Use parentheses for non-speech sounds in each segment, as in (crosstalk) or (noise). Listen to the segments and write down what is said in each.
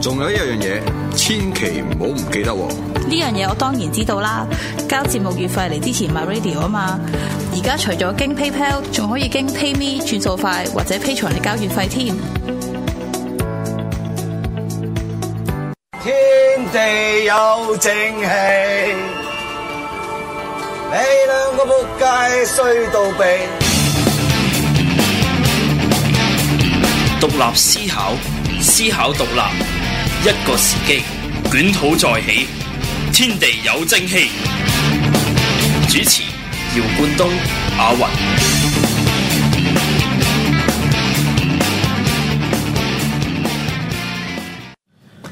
仲有一樣嘢，千祈唔好唔記得。呢樣嘢我當然知道啦，交節目月費嚟之前 MyRadio 啊嘛。而家除咗經 PayPal，仲可以經 PayMe 轉數快，或者 Patreon 嚟交月費添。天地有正氣，你兩個仆街衰到痹。獨立思考，思考獨立。一個時機，捲土再起，天地有正氣。主持：姚冠東、阿云。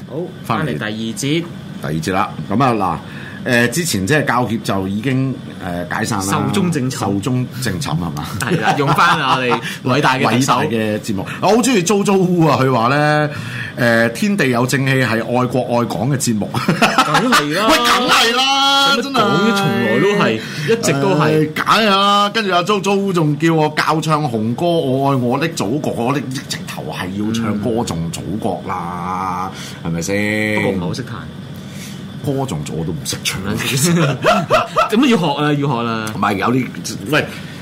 好，翻嚟第二節，第二節啦。咁啊嗱，誒，之前即係教協就已經誒解散啦，壽終正寢，壽終正寢係嘛，係啦， (laughs) 用翻我哋偉大嘅偉大嘅節目。我好中意糟糟呼啊，佢話咧。誒、呃，天地有正氣係愛國愛港嘅節目，梗 (laughs) 係、啊、啦，喂，梗係啦，講啲從來都係，欸、一直都係，假、哎、啊！跟住阿租租仲叫我教唱紅歌，我愛我的祖國，我哋直頭係要唱歌頌祖國啦，係咪先？吧不過唔係好識彈歌頌，我都唔識唱，點解要學啊？要學啦！同埋有啲喂。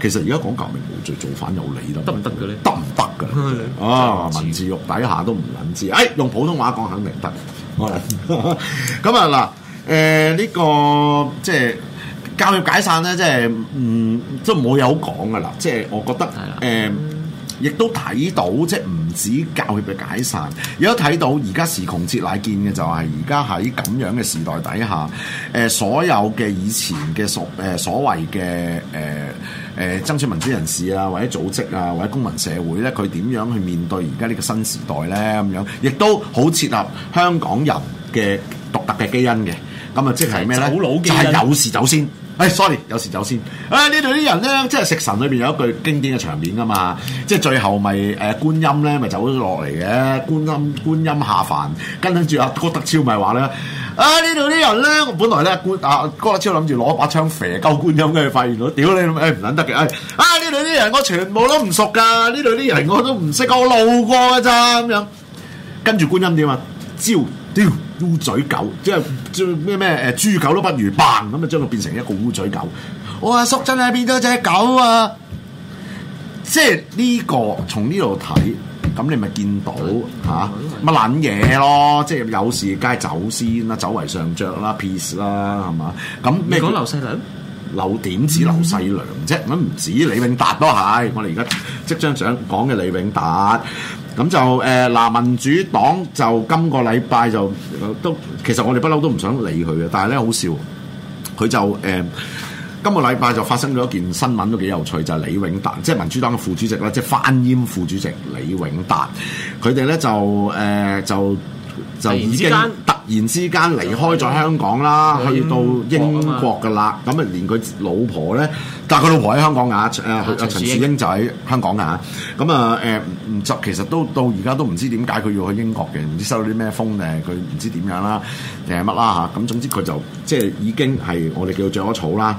其實而家講革命無罪，造反有理得唔得嘅咧？得唔得嘅？啊，的文字獄底下都唔撚知。誒、哎，用普通話講肯定得。咁啊嗱，誒呢、嗯 (laughs) 呃這個即係教協解散咧，即係唔即係冇嘢好講嘅啦。即係我覺得誒，亦的、呃、都睇到即係唔止教協嘅解散，亦都睇到而家時窮節乃見嘅就係而家喺咁樣嘅時代底下，誒、呃、所有嘅以前嘅所誒、呃、所謂嘅誒。呃誒爭取民主人士啊，或者組織啊，或者公民社會咧，佢點樣去面對而家呢個新時代咧？咁樣亦都好切合香港人嘅獨特嘅基因嘅，咁啊即係咩咧？就係有事先走先。誒、哎，sorry，有事走先。誒、啊，這人呢度啲人咧，即係食神裏邊有一句經典嘅場面㗎嘛，即係最後咪誒觀音咧，咪走咗落嚟嘅，觀音，就是、觀音觀音下凡，跟住阿、啊、郭德超咪話咧，啊呢度啲人咧，我本來咧啊郭德超諗住攞把槍射鳩觀音跟住嘅發現到屌你誒唔撚得嘅，誒、哎哎、啊呢度啲人我全部都唔熟㗎，呢度啲人我都唔識，我路過㗎咋咁樣，跟住觀音點？啊招丟。招烏嘴狗，即係咩咩誒，豬狗都不如扮咁啊，將佢變成一個烏嘴狗。我阿叔真係變咗隻狗啊！即係呢、這個從呢度睇，咁你咪見到吓，乜卵嘢咯！即係有事梗係走先啦，走為上着啦，peace 啦，係嘛？咁你講劉世良，劉點止劉世良啫，咁唔止李永達都係。Mm hmm. 我哋而家即將想相講嘅李永達。咁就誒嗱、呃，民主黨就今個禮拜就都其實我哋不嬲都唔想理佢嘅，但係咧好笑，佢就誒、呃、今個禮拜就發生咗一件新聞都幾有趣，就係、係、李永達，即、就、係、係、民主黨嘅副主席啦，即係翻閹副主席李永達，佢哋咧就誒就，呃就就已經突然之間離開咗香港啦，去到英國㗎啦。咁啊，連佢老婆咧，但係佢老婆喺香港啊，啊啊，陳樹英，英就喺香港嘅。咁啊，其實到都到而家都唔知點解佢要去英國嘅，唔知收到啲咩風定，佢唔知點樣啦，定係乜啦。咁總之佢就即係已經係我哋叫做著咗草啦。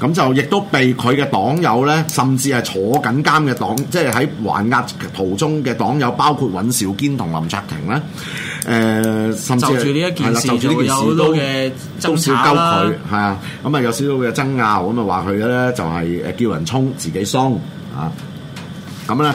咁就亦都被佢嘅黨友咧，甚至係坐緊監嘅黨，即係喺還押途中嘅黨友，包括尹兆堅同林卓廷咧。誒、呃，甚至就住呢一件事，住呢少事嘅爭吵啦。係啊，咁啊有少少嘅爭拗，咁啊話佢咧就係、是、誒叫人衝，自己鬆啊。咁咧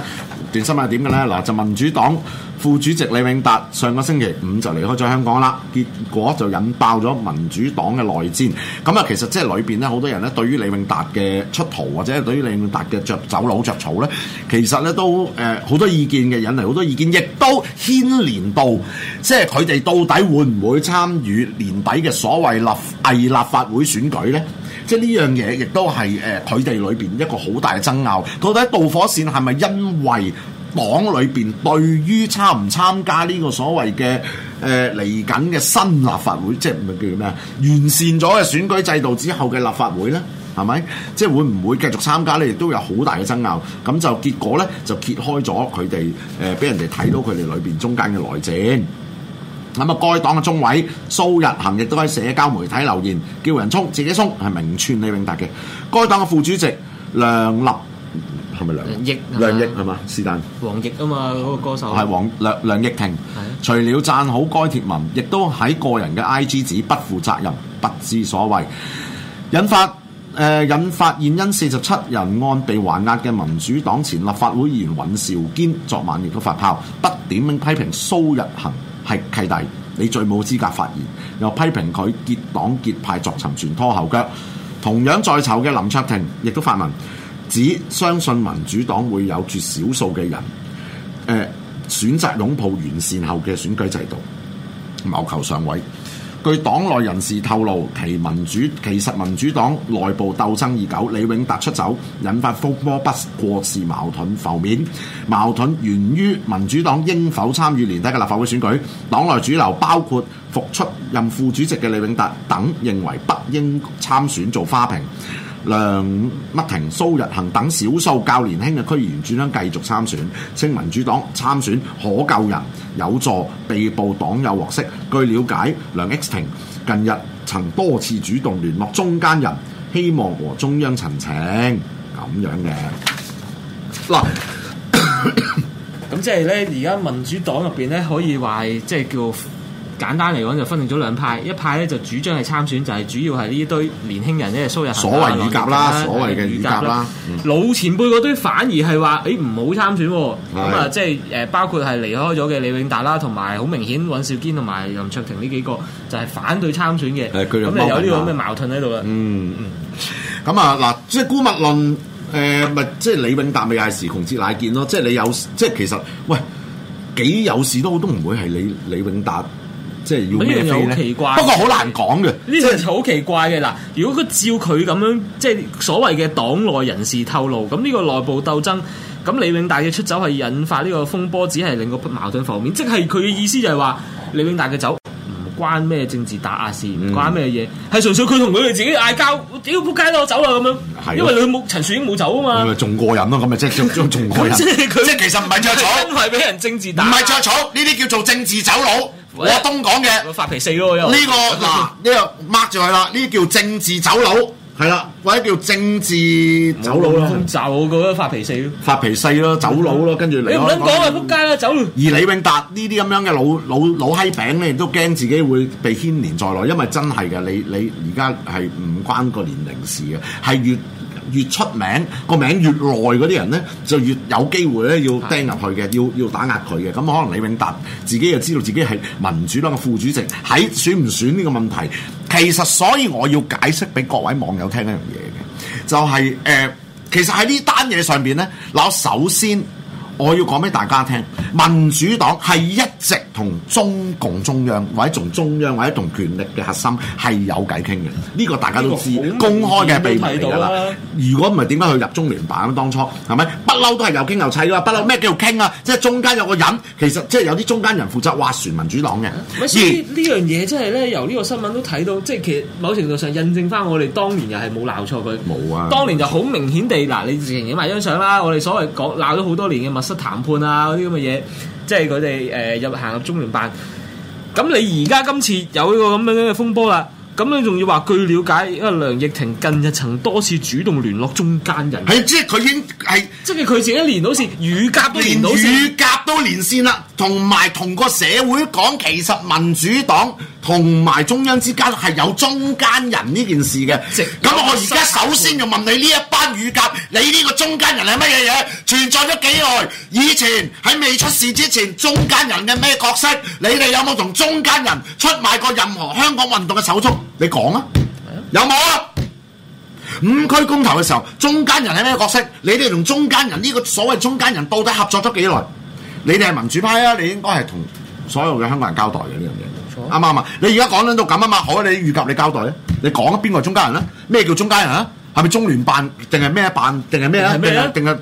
段新聞係點嘅咧？嗱，就民主黨。副主席李永達上個星期五就離開咗香港啦，結果就引爆咗民主黨嘅內戰。咁啊，其實即係裏邊咧，好多人咧對於李永達嘅出逃，或者係對於李永達嘅著走佬著草咧，其實咧都誒好多意見嘅，引嚟好多意見，亦都牽連到即係佢哋到底會唔會參與年底嘅所謂立偽立法會選舉呢？即係呢樣嘢，亦都係誒佢哋裏邊一個好大嘅爭拗。到底導火線係咪因為？黨裏邊對於參唔參加呢個所謂嘅誒嚟緊嘅新立法會，即係咪叫咩啊？完善咗嘅選舉制度之後嘅立法會咧，係咪？即係會唔會繼續參加咧？亦都有好大嘅爭拗。咁就結果咧，就揭開咗佢哋誒，俾、呃、人哋睇到佢哋裏邊中間嘅內戰。咁、嗯、啊，該黨嘅中委蘇日恒亦都喺社交媒體留言，叫人衝自己衝，係明串李永達嘅。該黨嘅副主席梁立。是不是梁毅，是梁毅係嘛？是但，王毅啊嘛，嗰個歌手係王梁梁毅婷。嗎除了讚好該貼文，亦都喺個人嘅 I G 指不負責任、不知所謂，引發誒、呃、引發現因四十七人案被還押嘅民主黨前立法會議員尹兆堅，昨晚亦都發炮，不點名批評蘇日恆係契弟，你最冇資格發言，又批評佢結黨結派作沉船拖後腳。同樣在囚嘅林卓廷，亦都發文。指相信民主黨會有絕少數嘅人，選、呃、選擇擁抱完善後嘅選舉制度，謀求上位。據黨內人士透露，其民主其實民主黨內部鬥爭已久，李永達出走引發風波，不過是矛盾浮面。矛盾源於民主黨應否參與年底嘅立法會選舉。黨內主流包括復出任副主席嘅李永達等認為不應參選做花瓶。梁乜婷、蘇日恒等少數較年輕嘅區議員轉翻繼續參選，稱民主黨參選可救人，有助被捕黨友獲釋。據了解，梁 X 婷近日曾多次主動聯絡中間人，希望和中央陳情。咁樣嘅嗱，咁即係咧，而家民主黨入邊咧可以話即係叫。簡單嚟講就分咗兩派，一派咧就主張係參選，就係、是、主要係呢堆年輕人咧，蘇有，所謂乳鴿啦，啦所謂嘅乳鴿啦，啦嗯、老前輩嗰堆反而係話：，誒、欸、唔好參選。咁啊，即係誒包括係離開咗嘅李永達啦，同埋好明顯尹兆堅同埋林卓廷呢幾個就係反對參選嘅。咁啊、嗯、有呢咁嘅矛盾喺度、嗯嗯嗯、啊。嗯嗯，咁啊嗱，即係姑勿論，誒、呃、咪即係李永達咪嗌時窮節乃見咯？即係你有，即係其實喂，幾有事都都唔會係李李永達。即係要咩奇怪，不過好難講嘅，呢啲係好奇怪嘅嗱。就是、如果佢照佢咁樣，即、就、係、是、所謂嘅黨內人士透露，咁呢個內部鬥爭，咁李永達嘅出走係引發呢個風波，只係令個矛盾浮面，即係佢嘅意思就係話李永達嘅走唔關咩政治打壓、啊、事，唔、嗯、關咩嘢，係純粹佢同佢哋自己嗌交，屌仆街啦，我走啦、啊、咁樣。的因為佢冇陳樹英冇走啊嘛，咁咪仲過癮咯、啊？咁咪 (laughs) 即係仲仲仲即係其實唔係著草，真係俾人政治打，唔係著草呢啲叫做政治走佬。東的我東講嘅，發脾氣咯，呢、這個嗱呢、啊這個 mark 住佢啦，呢叫政治走佬，係啦，或者叫政治走佬咯，就咁樣發脾氣咯，發脾氣咯，走佬咯，跟住、嗯、你唔想講啊，撲街啦，走。而李永達這些呢啲咁樣嘅老老老閪餅咧，亦都驚自己會被牽連在內，因為真係嘅，你你而家係唔關個年齡事嘅，係越。越出名個名越耐嗰啲人呢，就越有機會咧要釘入去嘅，的要要打壓佢嘅。咁可能李永達自己又知道自己係民主黨嘅副主席，喺選唔選呢個問題，其實所以我要解釋俾各位網友聽一樣嘢嘅，就係、是、誒、呃，其實喺呢單嘢上邊呢，嗱，首先。我要講俾大家聽，民主黨係一直同中共中央或者同中央或者同權力嘅核心係有偈傾嘅，呢、這個大家都知，公開嘅秘密嚟啦。啊、如果唔係點解去入中聯辦？當初係咪不嬲都係又傾又砌噶？不嬲咩叫傾啊？即係中間有個人，其實即係有啲中間人負責話船民主黨嘅。呢以而樣嘢即係咧，由呢個新聞都睇到，即係其實某程度上印證翻我哋當年又係冇鬧錯佢。冇啊！當年就好明顯地嗱沒說，你自然影埋張相啦。我哋所謂講鬧咗好多年嘅出談判啊嗰啲咁嘅嘢，即係佢哋誒入行入，入中聯辦。咁你而家今次有呢個咁樣嘅風波啦。咁你仲要話，據了解，阿梁亦婷近日曾多次主動聯絡中間人。係即係佢已經係，即係佢自己連到線，乳鴿都連到線，連乳鴿我都連線啦，同埋同個社會講，其實民主黨同埋中央之間係有中間人呢件事嘅。咁是我而家首先就問你呢一班乳鴿，你呢個中間人係乜嘢嘢？存在咗幾耐？以前喺未出事之前，中間人嘅咩角色？你哋有冇同中間人出賣過任何香港運動嘅手足？你講啊，有冇啊？五區公投嘅時候，中間人係咩角色？你哋同中間人呢、呢個所謂中間人到底合作咗幾耐？你哋係民主派啊，你應該係同所有嘅香港人交代嘅呢 For. 樣嘢。啱啊啱啊！你而家講緊到咁啊嘛，好，你預及你交代啊？你講啊，邊個係中間人啊？咩叫中間人啊？係咪中聯辦定係咩辦定係咩啊？咩啊？定係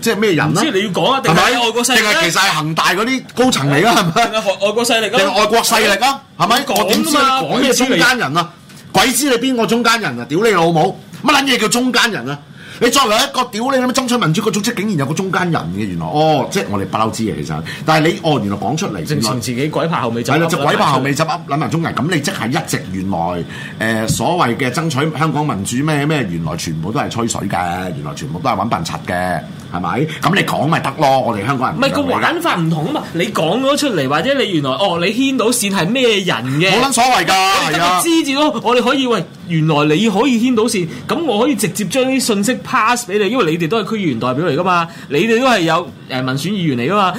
即係咩人啊？唔知你要講啊？定係外國勢力？定係其實係恒大嗰啲高層嚟㗎？係咪？定係外外國勢力啦？定係外國勢力啊？係咪？我點知啊？講咩中間人啊？鬼知你邊個中間人啊？屌你老母！乜撚嘢叫中間人啊？你作為一個屌你諗，爭取民主個組織竟然有個中間人嘅，原來，哦，即係我哋不嬲知嘅，其實，但係你哦原來講出嚟，正從自己鬼拍後尾執，係啦，就鬼拍後尾就噏埋中人，咁你即係一直原來誒、呃、所謂嘅爭取香港民主咩咩，原來全部都係吹水嘅，原來全部都係搵笨柒嘅。係咪？咁你講咪得咯，我哋香港人唔係個玩法唔同啊嘛！你講咗出嚟，或者你原來哦，你牽到線係咩人嘅？冇撚所謂㗎，係啊，我哋知住咯。我哋可以喂，原來你可以牽到線，咁我可以直接將啲信息 pass 俾你，因為你哋都係區議員代表嚟㗎嘛，你哋都係有誒民選議員嚟㗎嘛。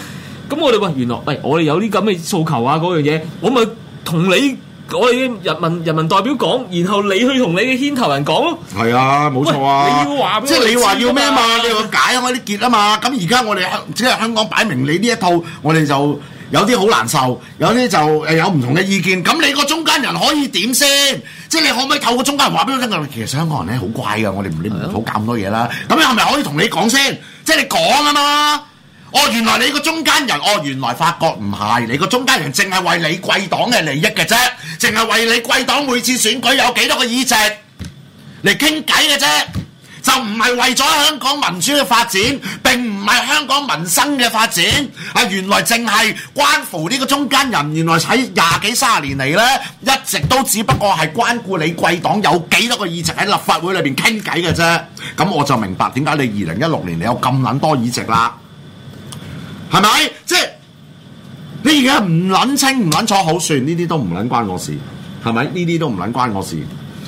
咁我哋喂，原來喂，我哋有啲咁嘅訴求啊，嗰樣嘢，我咪同你。我哋啲人民人民代表講，然後你去同你嘅牽頭人講咯。係啊，冇錯啊。你要話，即係你話要咩嘛？你要解開啲結啊嘛。咁而家我哋香即係香港擺明你呢一套，我哋就有啲好難受，有啲就誒有唔同嘅意見。咁你個中間人可以點先？即係你可唔可以透過中間人話俾我聽？其實香港人咧好乖噶，我哋唔啲唔好搞咁多嘢啦。咁你係咪可以同你講先？即係你講啊嘛。哦，原來你個中間人，哦，原來發覺唔係你個中間人，淨係為你貴黨嘅利益嘅啫，淨係為你貴黨每次選舉有幾多個議席嚟傾偈嘅啫，就唔係為咗香港民主嘅發展，並唔係香港民生嘅發展，啊，原來淨係關乎呢個中間人，原來喺廿幾三十年嚟呢，一直都只不過係關顧你貴黨有幾多個議席喺立法會裏面傾偈嘅啫，咁我就明白點解你二零一六年你有咁撚多議席啦。係咪？即係、就是、你而家唔捻清唔捻錯好算，呢啲都唔捻關我事，係咪？呢啲都唔捻關我事，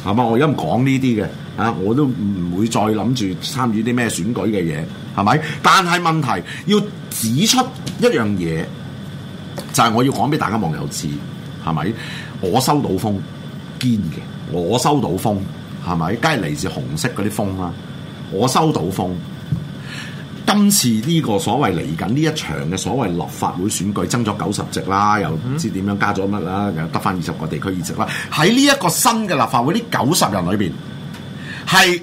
係嘛？我而家唔講呢啲嘅，啊，我都唔會再諗住參與啲咩選舉嘅嘢，係咪？但係問題要指出一樣嘢，就係、是、我要講俾大家網友知，係咪？我收到風堅嘅，我收到風，係咪？梗係嚟自紅色嗰啲風啦，我收到風。今次呢個所謂嚟緊呢一場嘅所謂立法會選舉，增咗九十席啦，又唔知點樣加咗乜啦，又得翻二十個地區議席啦。喺呢一個新嘅立法會呢，九十人裏面係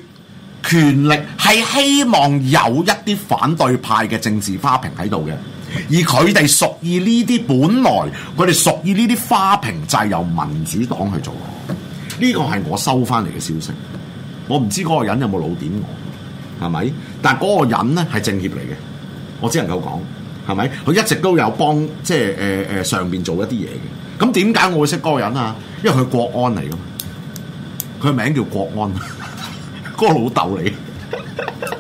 權力係希望有一啲反對派嘅政治花瓶喺度嘅，而佢哋屬於呢啲本來佢哋屬於呢啲花瓶制，就係、由民主黨去做。呢個係我收翻嚟嘅消息，我唔知嗰個人有冇老點我。係咪？但係嗰個人咧係政協嚟嘅。我只能夠講，係咪？佢一直都有幫，即係誒誒上面做一啲嘢嘅。咁點解我會識嗰個人啊？因為佢國安嚟嘅嘛，佢個名叫國安，嗰 (laughs) (laughs) 個老竇嚟。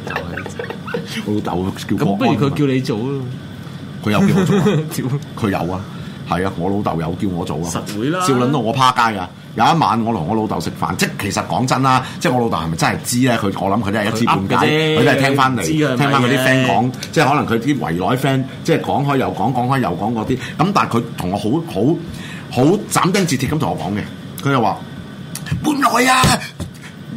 就係老竇叫國安。咁不如佢叫你做他啊？佢有叫做，佢有啊。係啊，我老豆有叫我做啊，實會啦，笑捻到我趴街噶。有一晚我同我老豆食飯，即係其實講真啦，即係我老豆係咪真係知咧？佢我諗佢都係一知半解，佢都係聽翻嚟，是是聽翻佢啲 friend 講，即係可能佢啲圍內 friend 即係講開又講，講開又講嗰啲。咁但係佢同我好好好斬釘截鐵咁同我講嘅，佢又話：搬來啊！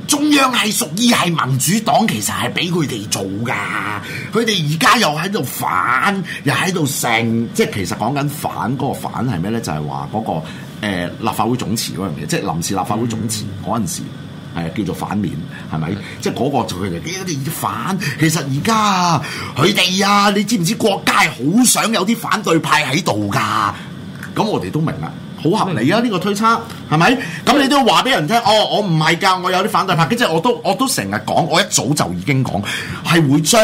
中央係屬於係民主黨，其實係俾佢哋做噶。佢哋而家又喺度反，又喺度成。即係其實講緊反嗰、嗰個反係咩咧？就係話嗰個、呃、立法會總辭嗰樣嘢，即係臨時立法會總辭嗰陣時，係叫做反面，係咪？的即係嗰個就佢、是、哋，啲、哎「反。其實而家佢哋啊，你知唔知國家係好想有啲反對派喺度噶？咁我哋都明啦，好合理啊！呢白個推測。係咪？咁你都要話俾人聽哦！我唔係㗎，我有啲反對派，即係我都我都成日講，我一早就已經講，係會將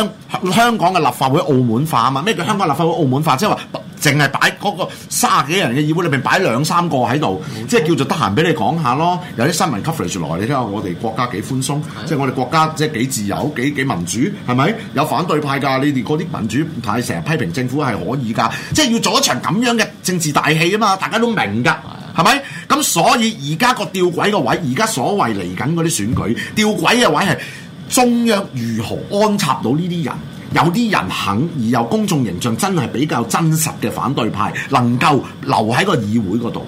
香港嘅立法會澳門化啊嘛！咩叫香港立法會澳門化？即係話淨係擺嗰個卅幾人嘅議會裏面擺兩三個喺度，嗯、即係叫做得閒俾你講下咯。有啲新聞 coverage 來，你睇下我哋國家幾寬鬆，嗯、即係我哋國家即係幾自由、幾幾民主，係咪？有反對派㗎，你哋嗰啲民主派成日批評政府係可以㗎，即係要做一場咁樣嘅政治大戲啊嘛！大家都明㗎。係咪？咁所以而家個吊詭個位，而家所謂嚟緊嗰啲選舉，吊詭嘅位係中央如何安插到呢啲人？有啲人肯而有公眾形象真係比較真實嘅反對派，能夠留喺個議會嗰度，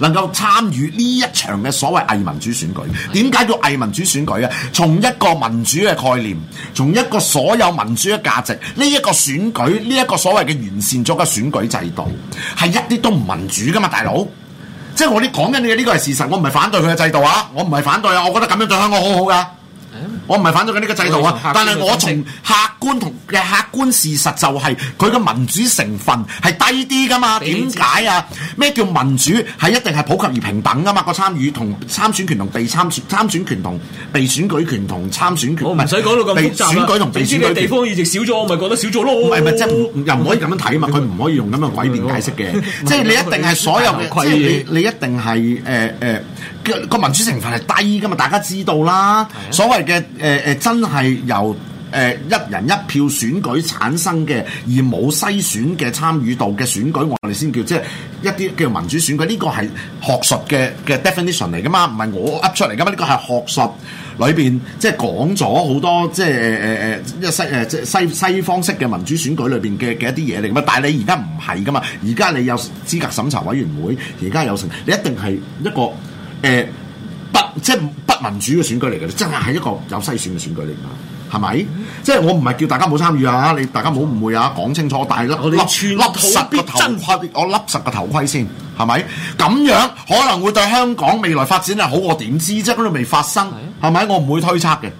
能夠參與呢一場嘅所謂偽民主選舉？點解的叫偽民主選舉啊？從一個民主嘅概念，從一個所有民主嘅價值，呢一個選舉，呢一個所謂嘅完善咗嘅選舉制度，係一啲都唔民主噶嘛，大佬？即係我啲講緊嘅呢個係事實，我唔係反對佢嘅制度啊！我唔係反對啊，我覺得咁樣對香港好好㗎。我唔係反對緊呢個制度啊，度但係我從客觀同嘅客觀事實就係佢嘅民主成分係低啲噶嘛？點解啊？咩叫民主係一定係普及而平等噶嘛？個參與同參選權同被參選參選權同被，被選舉權同參選權唔使講到咁複雜啦。地方議席少咗，我咪覺得少咗咯。唔係咪即又唔可以咁樣睇嘛？佢唔可以用咁樣詭辯解釋嘅，即係 (laughs) 是你一定係所有，即你，你一定係誒誒。呃呃個民主成分係低㗎嘛，大家知道啦。嗯、所謂嘅誒誒，真係由誒、呃、一人一票選舉產生嘅，而冇篩選嘅參與度嘅選舉，我哋先叫即係一啲叫民主選舉。呢個係學術嘅嘅 definition 嚟㗎嘛，唔係我噏出嚟㗎嘛。呢個係學術裏邊即係講咗好多即係誒誒誒，西誒即係西西方式嘅民主選舉裏邊嘅嘅一啲嘢嚟㗎。但係你而家唔係㗎嘛，而家你有資格審查委員會，而家有成，你一定係一個。誒、欸，不即係不民主嘅選舉嚟嘅，真係係一個有篩選嘅選舉嚟噶，係咪？嗯、即係我唔係叫大家冇參與啊，你大家冇誤會啊，講清楚，但係笠笠實個真塊，我笠實個頭盔先，係咪？咁樣可能會對香港未來發展係好，我點知啫？因為未發生，係咪？我唔會推測嘅，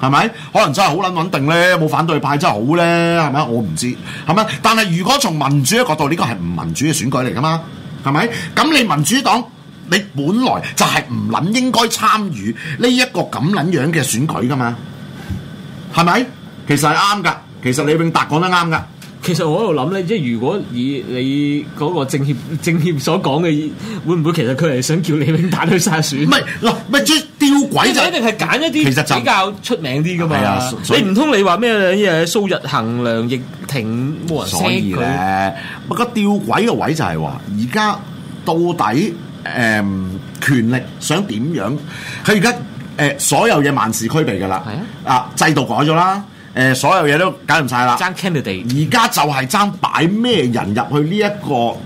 係咪？可能真係好捻穩定咧，冇反對派真係好咧，係咪？我唔知道，係咪？但係如果從民主嘅角度，呢個係唔民主嘅選舉嚟噶嘛，係咪？咁你民主黨？你本來就係唔諗應該參與呢一個咁撚樣嘅選舉噶嘛？係咪？其實係啱噶。其實李永達講得啱噶。其實我喺度諗咧，即係如果以你嗰個政協政協所講嘅，會唔會其實佢係想叫李永達去參選？唔係， (laughs) 嗱，咪即吊詭就是、是一定係揀一啲比較出名啲噶嘛。你唔通你話咩嘢？蘇日行、梁亦庭，冇人識佢。所以咧，不過吊詭嘅位置就係、是、話，而家到底。誒、嗯、權力想點樣？佢而家誒所有嘢萬事俱備嘅啦，啊，啊制度改咗啦，誒、呃、所有嘢都搞唔晒啦。爭 candidate 而家就係爭擺咩人入去呢一個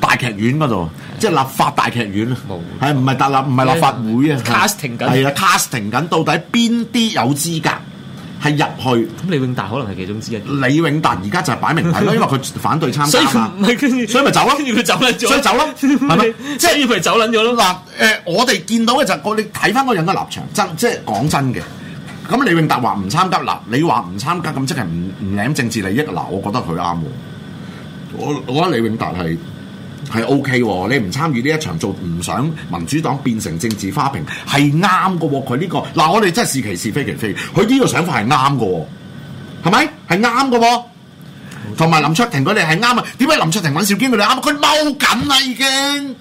大劇院嗰度，即係、啊、立法大劇院，係唔係立？唔係立法會啊。casting 緊係啊，casting 緊， 啊、到底邊啲有資格？係入去咁，李永達可能係其中之一。李永達而家就係擺明牌咯，因為佢反對參加啦。 (laughs) 所以咪走咯。所以佢走啦，啊， (laughs) 走所以走啦，啊。係咪 (laughs) 即係佢走捻咗啦。誒、 (laughs) 呃，我哋見到嘅就我哋睇翻嗰個人嘅立場，就是就是、說真即係講真嘅。咁李永達話唔參加，嗱，你話唔參加，咁即係唔唔領政治利益。嗱、嗯，我覺得佢啱。我我覺得李永達係。係 O K 喎，你唔參與呢一場做唔想民主黨變成政治花瓶，係啱㗎喎。佢呢個，嗱，我哋真係是，是其是非其非，佢呢個想法係啱㗎喎，係咪？係啱㗎喎。同埋林卓廷佢哋係啱啊，點解林卓廷文少堅佢哋啱？佢踎緊啦已經，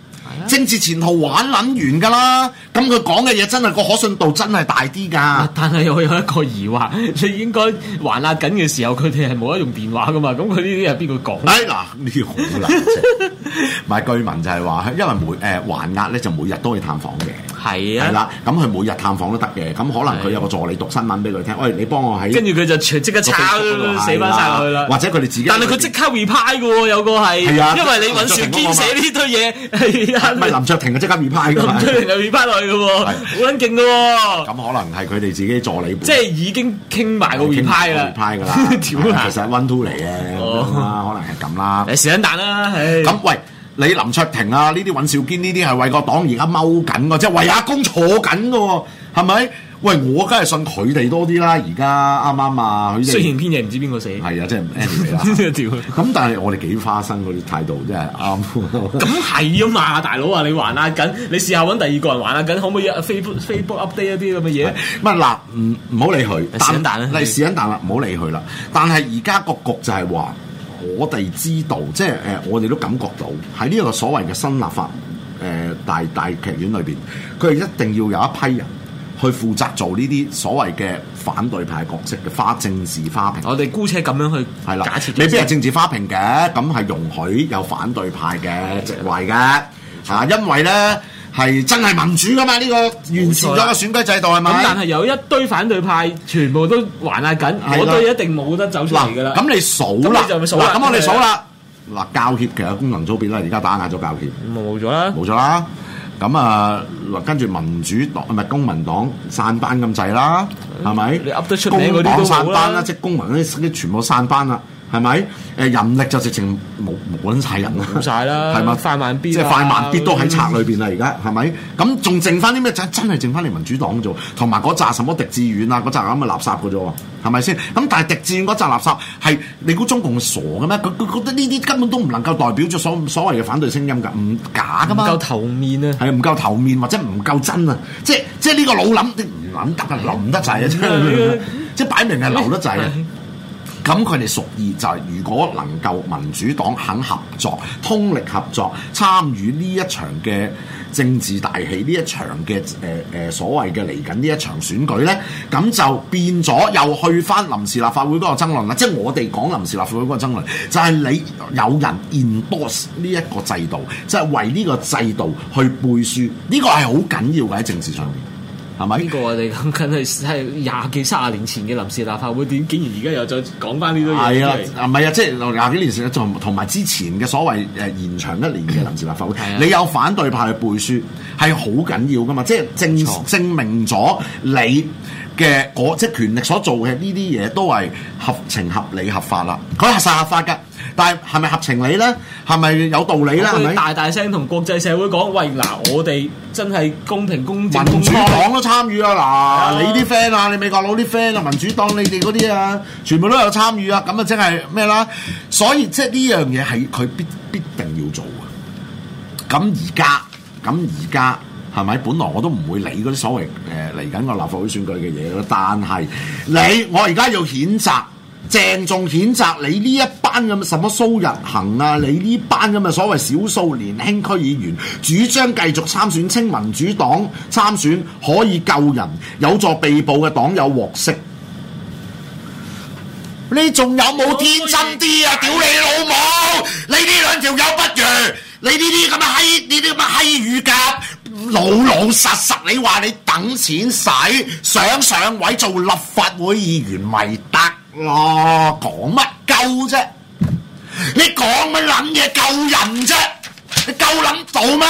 政治前途玩捻完㗎啦。咁佢講嘅嘢真係個可信度真係大啲㗎，但係我有一個疑惑，你應該還押緊嘅時候，佢哋係冇得用電話噶嘛？咁佢呢啲係邊個講？哎嗱，呢好難唔係咪據聞就係話，因為每誒還押咧，就每日都要探訪嘅。係啊，係啦，咁佢每日探訪都得嘅。咁可能佢有個助理讀新聞俾佢聽。喂，你幫我喺跟住佢就即刻抄死翻晒佢啦。或者佢哋自己，但係佢即刻 reply 喎，有個係啊，因為尹兆堅寫呢堆嘢係唔係林卓廷即刻 reply 林卓廷又 reply 落去。好撚勁嘅喎，咁可能係佢哋自己助理，即係已經傾埋個聯派㗎啦、 (laughs) 啊，其實 Win2 嚟嘅，哦、可能係咁啦，你間彈啦、啊，咁喂，你林卓廷啊，呢啲尹兆堅呢啲係為個黨而家踎緊嘅，即、就、係、是、為阿公坐緊嘅喎，係咪？喂，我梗係信佢哋多啲啦，而家啱啱啊？佢哋雖然偏嘢唔知邊個死，係啊，即係唔 n d 咁，但係我哋幾花生嗰啲態度真係啱。咁係啊嘛， (laughs) 大佬啊，你玩啊緊，你試下揾第二個人玩啊緊，可唔可以 Facebook Facebook update 一啲咁嘅嘢？唔嗱，唔唔好理佢，但你試緊但啦，唔好但的理佢啦。但係而家個局就係話，我哋知道，即係誒，我哋都感覺到喺呢一個所謂嘅新立法誒、呃、大大劇院裏邊，佢係一定要有一批人。去負責做呢啲所謂嘅反對派嘅角色嘅花政治花瓶，我哋姑且咁樣去係啦，假設未必係政治花瓶嘅，咁係容許有反對派嘅席位嘅嚇的、啊，因為咧係真係民主噶嘛，呢、呢個完善咗嘅選舉制度係咪？咁但係有一堆反對派全部都還押緊，的我都一定冇得走出嚟噶啦。咁你數啦，嗱咁我哋數啦，嗱教協其實功能組別啦，而家打壓咗教協，冇咗啦，冇咗啦。咁啊，跟住民主黨唔咪公民黨散班咁滯啦，係咪、嗯？是是你噏得出名啲公民黨散班啦，即公民啲全部散班啦。係咪？誒人力就直情冇冇晒人啦，冇啦了，係咪？快必慢必即係快必慢必都喺拆裏邊啦，而家係咪？咁仲剩翻啲咩？真真係剩翻嚟民主黨做，同埋嗰紮什麼狄志遠啊，嗰扎咁嘅垃圾嘅啫喎，係咪先？咁但係狄志遠嗰紮垃圾係你估中共傻嘅咩？佢佢覺得呢啲根本都唔能夠代表咗所所謂嘅反對聲音㗎，唔假㗎嘛，唔夠頭面啊，係唔夠頭面或者唔夠真啊，即係即係呢個老諗唔諗得啊，諗唔得滯啊，不不 (laughs) (laughs) 即係擺明係留得滯啊！ (laughs) (laughs) 咁佢哋屬意就係如果能夠民主黨肯合作、通力合作、參與呢一場嘅政治大戲，呢一場嘅、呃、所謂嘅嚟緊呢一場選舉呢，咁就變咗又去翻臨時立法會嗰個爭論啦。即係我哋講臨時立法會嗰個爭論，就係你有人 endorse 呢一個制度，即係為呢個制度去背書，呢個係好緊要嘅喺政治上面。係咪？呢個我哋講緊係係廿幾卅年前嘅臨時立法會點？竟然而家又再講翻呢啲嘢？係啊，唔係啊，即係廿幾年前同埋之前嘅所謂誒延長一年嘅臨時立法會，你有反對派去背書係好緊要噶嘛？即係證證明咗你嘅即係權力所做嘅呢啲嘢都係合情合理合法啦。佢係實合法㗎。但係係咪合情理咧？係咪有道理咧？係咪大大聲同國際社會講喂嗱？我哋真係公平公正公平，民主黨都參與啊！嗱！的你啲 friend 啊，你美國佬啲 friend 啊，民主黨你哋嗰啲啊，全部都有參與啊！咁啊，即係咩啦？所以即係呢樣嘢係佢必必定要做啊！咁而家咁而家係咪？本來我都唔會理嗰啲所謂誒嚟緊個立法會選舉嘅嘢咯。但係你我而家要譴責。鄭重譴責你呢一班咁什麼蘇日恆啊！你呢班咁嘅所謂少數年輕區議員，主張繼續參選清民主黨參選，可以救人，有助被捕嘅黨友獲釋。你仲有冇天真啲啊？屌你老母！你呢兩條友不如，你呢啲咁嘅閪，你啲咁嘅閪語架，老老實實，你話你等錢使，想上位做立法會議員咪得？我講乜救啫？你講乜撚嘢救人啫？你夠撚到咩？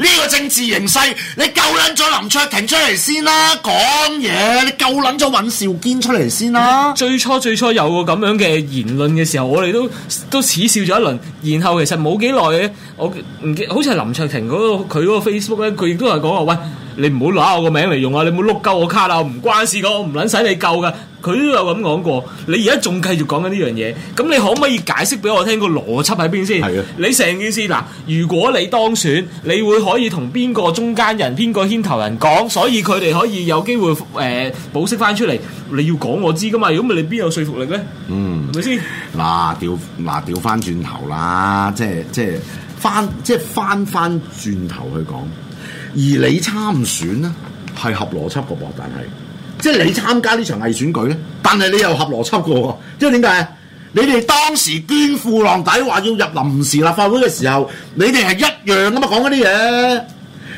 呢個政治形勢，你夠撚咗林卓廷出嚟先啦，啊？講嘢，你夠撚咗尹兆堅出嚟先啦，啊？最初最初有個咁樣嘅言論嘅時候，我哋都都恥笑咗一輪。然後其實冇幾耐嘅，我唔記，好似係林卓廷嗰個佢嗰個 Facebook 咧，佢亦都係講話喂。」你唔好攞我個名嚟用啊！你冇碌鳩我卡啦，我唔關事噶，我唔撚使你救噶。佢都有咁講過，你而家仲繼續講緊呢樣嘢，咁你可唔可以解釋俾我聽個邏輯喺邊先？係啊，的你成件事嗱，如果你當選，你會可以同邊個中間人、邊個牽頭人講，所以佢哋可以有機會誒，保釋翻出嚟。你要講我知噶嘛？如果你邊有說服力咧？嗯，係咪先？嗱、啊，調嗱調翻轉頭啦，即係即係翻即係翻翻轉頭去講。而你參選呢，係合邏輯嘅噃，但係即係你參加呢場偽選舉呢，但係你又合邏輯嘅喎，即係點解啊？你哋當時捐褲浪底話要入臨時立法會嘅時候，你哋係一樣㗎嘛，講嗰啲嘢。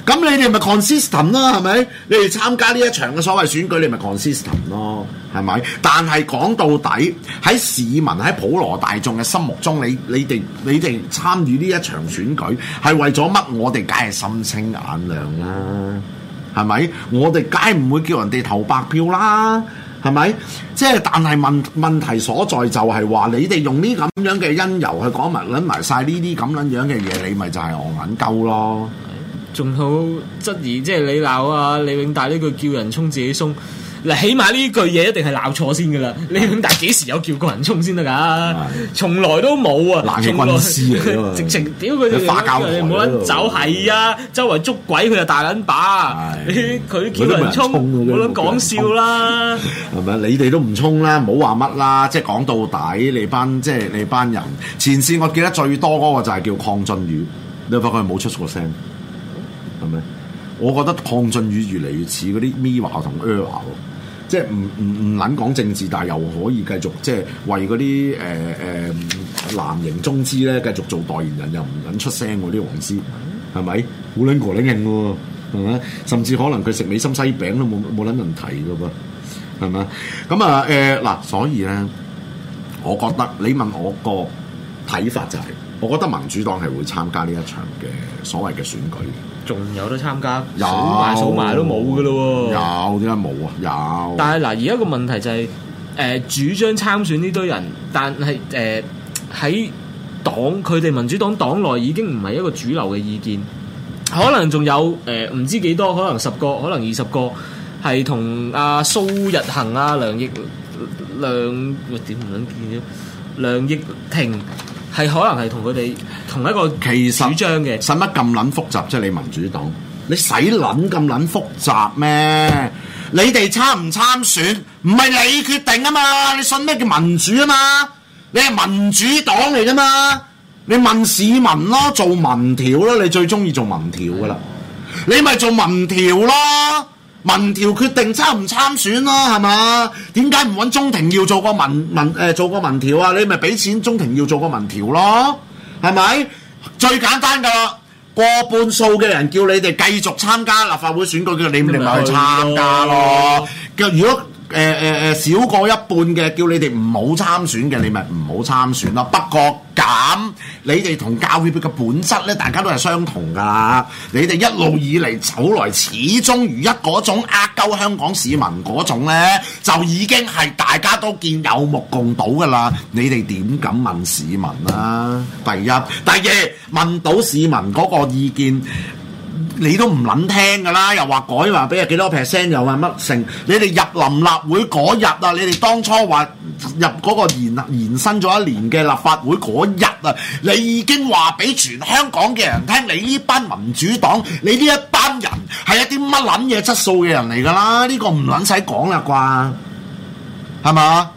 咁你哋咪 consistent 啦，係咪？你哋參加呢一場嘅所謂選舉，你咪 consistent 咯，係咪？但係講到底，喺市民喺普羅大眾嘅心目中，你你哋你哋參與呢一場選舉係為咗乜？我哋梗係心清眼亮啦，係咪？我哋梗唔會叫人哋投白票啦，係咪？即係但係問問題所在就係話，你哋用呢咁樣嘅因由去講埋揾埋晒呢啲咁樣樣嘅嘢，你咪就係我眼鳩咯。仲好質疑，即係你鬧啊李永大呢句叫人衝自己鬆，嗱，起碼呢句嘢一定係鬧錯先噶啦！李永大幾時有叫過人衝先得噶？從來都冇啊！冷氣軍師直情屌佢條化蛇，冇揾走係啊！周圍捉鬼佢就大撚把，佢叫人衝，我諗講笑啦！係咪你哋都唔衝啦？冇話乜啦！即係講到底，你班即係你班人前線，我記得最多嗰個就係叫鄺俊宇，你發覺佢冇出過聲。咁咧，我覺得鄺俊宇越嚟越似嗰啲 MIRROR 同 ERROR 喎，即係唔唔唔撚講政治，但係又可以繼續即係為嗰啲誒誒藍營中資咧繼續做代言人，又唔撚出聲喎啲黃絲，係咪好撚過癮嘅喎？係咪？ (music) 甚至可能佢食美心西餅都冇冇撚問題嘅噃？係咪？咁啊誒嗱、呃，所以咧，我覺得你問我個睇法就係、是，我覺得民主黨係會參加呢一場嘅所謂嘅選舉嘅。仲有得參加？有數埋數埋都冇嘅咯喎。有點解冇啊？有。但係嗱，而家個問題就係、是，誒、呃、主張參選呢堆人，但係誒喺黨佢哋民主黨黨內已經唔係一個主流嘅意見。可能仲有誒唔、呃、知幾多，可能十個，可能二十個係同阿蘇日恒、阿、啊、梁翊亮點唔想見咗。梁益廷係可能係同佢哋同一個其實主張嘅，使乜咁撚複雜？即係你民主黨，你使撚咁撚複雜咩？你哋參唔參選？唔係你決定啊嘛？你信咩叫民主啊嘛？你係民主黨嚟噶嘛？你問市民咯，做民調咯，你最中意做民調噶啦，你咪做民調咯。民調決定參唔參選囉，係嘛？點解唔揾鍾庭耀做個民民誒做個民調啊？你咪俾錢鍾庭耀做個民調咯，係咪？最簡單噶啦，過半數嘅人叫你哋繼續參加立法會選舉，叫你唔咪去參加咯。叫如果。誒誒誒，少過一半嘅叫你哋唔好參選嘅，你咪唔好參選咯。不過咁，你哋同教協嘅本質咧，大家都係相同噶。你哋一路以嚟走來，來始終如一嗰種呃鳩香港市民嗰種咧，就已經係大家都見有目共睹噶啦。你哋點敢問市民啊？第一，第二，問到市民嗰個意見。你都唔撚聽噶啦，又話改話俾人幾多 percent 又話乜成。你哋入林立會嗰日啊，你哋當初話入嗰個延延伸咗一年嘅立法會嗰日啊，你已經話俾全香港嘅人聽，你呢班民主黨，你呢一班人係一啲乜撚嘢質素嘅人嚟噶啦，呢個唔撚使講啦啩，係嘛？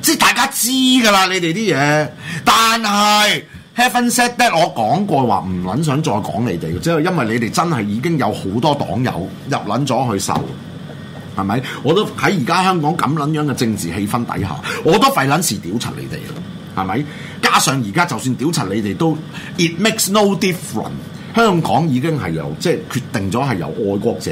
即係大家知噶啦，你哋啲嘢，但係。Heaven said that 我講過話唔捻想再講你哋，即係因為你哋真係已經有好多黨友入捻咗去受，係咪？我都喺而家香港咁捻樣嘅政治氣氛底下，我都費捻事屌柒你哋，係咪？加上而家就算屌柒你哋都，it makes no difference。香港已經係由即係、就是、決定咗係由愛國者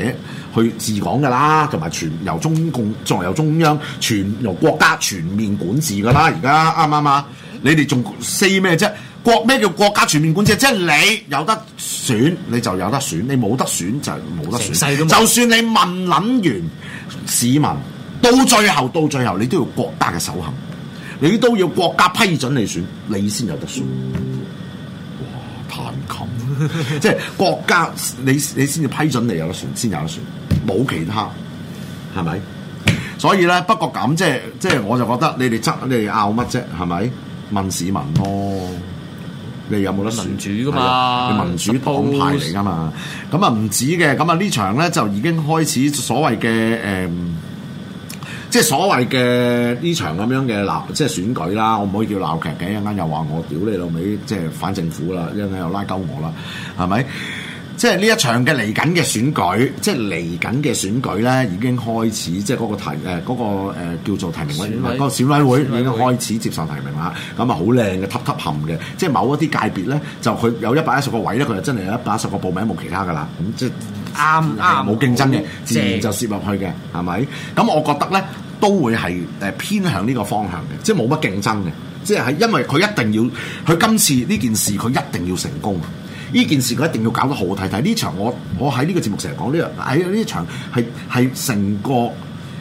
去治港噶啦，同埋全由中共再由中央全由國家全面管治噶啦，而家啱啱啊？你哋仲 say 咩啫？國咩叫國家全面管治？即係你有得選，你就有得選；你冇得選就冇得選。就，選就算你問諗完市民，到最後到最後，你都要國家嘅首肯，你都要國家批准你選，你先有得選。哦、哇！彈琴， (laughs) 即係國家，你你先至批准你有得選，先有得選，冇其他，係咪？所以咧，不過咁即係即係，我就覺得你哋爭，你哋拗乜啫？係咪？問市民咯。你有冇得民主噶嘛，民主黨派嚟噶嘛？咁啊唔止嘅，咁啊呢場咧就已經開始所謂嘅誒、呃，即係所謂嘅呢場咁樣嘅鬧，即係選舉啦。我唔可以叫鬧劇嘅，一陣間又話我屌你老味，即、就、係、是、反政府啦，一陣間又拉鳩我啦，係咪？即係呢一場嘅嚟緊嘅選舉，即係嚟緊嘅選舉咧，已經開始，即係嗰個提誒嗰個誒叫做提名委，個選委會已經開始接受提名啦。咁啊，好靚嘅，top top 冚嘅，即係某一啲界別咧，就佢有一百一十個位咧，佢就真係有一百一十個報名，冇其他噶啦。咁即係啱啱冇競爭嘅，自然就攝入去嘅，係咪？咁我覺得咧，都會係誒偏向呢個方向嘅，即係冇乜競爭嘅，即係係因為佢一定要，佢今次呢件事佢一定要成功嘅。呢件事佢一定要搞得好好睇睇。呢場我我喺呢個節目成日講呢樣，喺呢場係係成個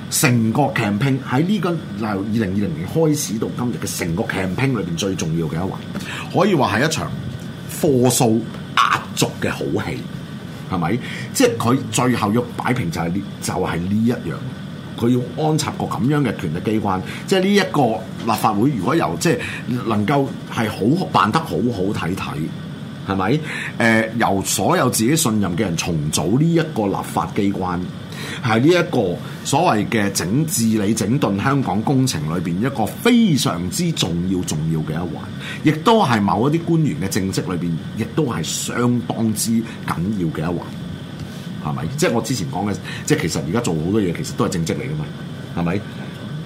成個 campaign 喺呢個由二零二零年開始到今日嘅成個 campaign 裏邊最重要嘅一環，可以話係一場貨數壓軸嘅好戲，係咪？即係佢最後要擺平就係呢，就係呢一樣，佢要安插個咁樣嘅權力機關。即係呢一個立法會，如果由即係能夠係好辦得好好睇睇。係咪？誒、呃、由所有自己信任嘅人重組呢一個立法機關，係呢一個所謂嘅整治理、整頓香港工程裏邊一個非常之重要、重要嘅一環，亦都係某一啲官員嘅政績裏邊，亦都係相當之緊要嘅一環。係咪？即係我之前講嘅，即係其實而家做好多嘢，其實都係政績嚟噶嘛？係咪？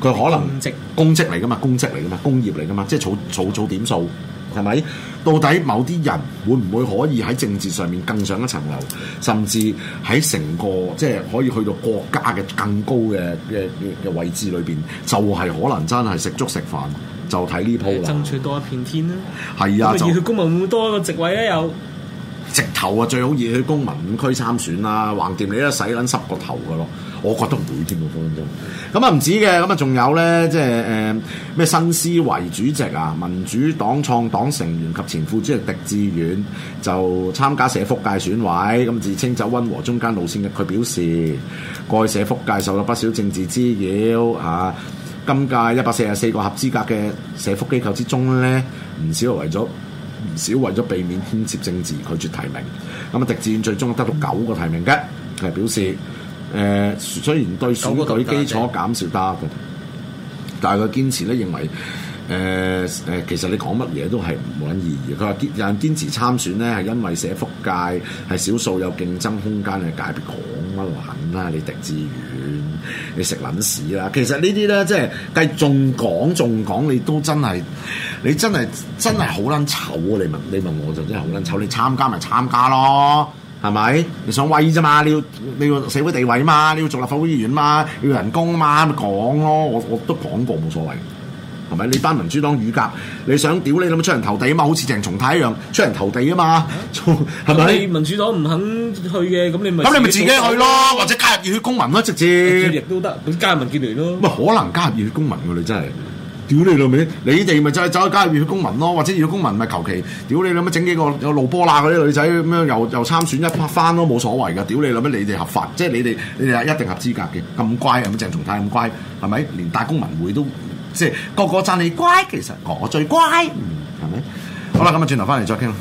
佢可能職公職嚟噶嘛？公職嚟噶嘛？工業嚟噶嘛？即係草草草點數。係咪？到底某啲人會唔會可以喺政治上面更上一層樓，甚至喺成個即係可以去到國家嘅更高嘅嘅嘅位置裏邊，就係、是、可能真係食粥食飯，就睇呢鋪啦。爭取多一片天啦，係啊，啊不要去公民會不會多一個席位咧，有直頭啊，最好以去公民五區參選啦，啊，橫掂你都洗撚濕個頭噶咯。我覺得唔會添喎，分分鐘。咁啊唔止嘅，咁啊仲有咧，即係誒咩？新、呃、思維主席啊，民主黨創黨成員及前副主席狄志遠就參加社福界選委，咁自稱走溫和中間路線嘅。佢表示，該社福界受到不少政治滋擾嚇、啊。今屆一百四十四個合資格嘅社福機構之中咧，唔少為咗唔少為咗避免牽涉政治，拒絕提名。咁啊，狄志遠最終得到九個提名嘅，佢係表示。誒、呃，雖然對選舉基礎減少，但係佢堅持咧認為，誒、呃、誒，其實你講乜嘢都係冇捻意義的。佢話堅有人堅持參選咧，係因為社福界係少數有競爭空間嘅界別，講乜捻啦？你狄志遠，你食捻屎啦！其實這些呢啲咧，即係繼仲講仲講，你都真係你真係真係好捻醜啊！的你問你問我就真係好捻醜，你參加咪參加咯？係咪你想威啫嘛？你要你要社會地位嘛？你要做立法會議員嘛？你要人工嘛？咪講咯，我我都講過冇所謂。係咪你班民主黨羽格，你想屌你咁出，出人頭地嘛？好似鄭松泰一樣出人頭地啊嘛？係咪？你民主黨唔肯去嘅，咁你咪咁你咪自己去咯，或者加入熱血公民咯，直接！亦都得，咁加入民建聯咯。唔可能加入熱血公民㗎你真係。屌你老味，你哋咪就係走去加入去公民咯，或者變公民咪求其屌你老味整幾個有露波啦嗰啲女仔咁樣又又參選一拍翻咯，冇所謂噶。屌你老咩，你哋合法，即係你哋你哋一定合資格嘅。咁乖，咁鄭松泰咁乖，係咪？連大公民會都即係個個讚你乖，其實我最乖，係咪、嗯？好啦，咁啊轉頭翻嚟再傾。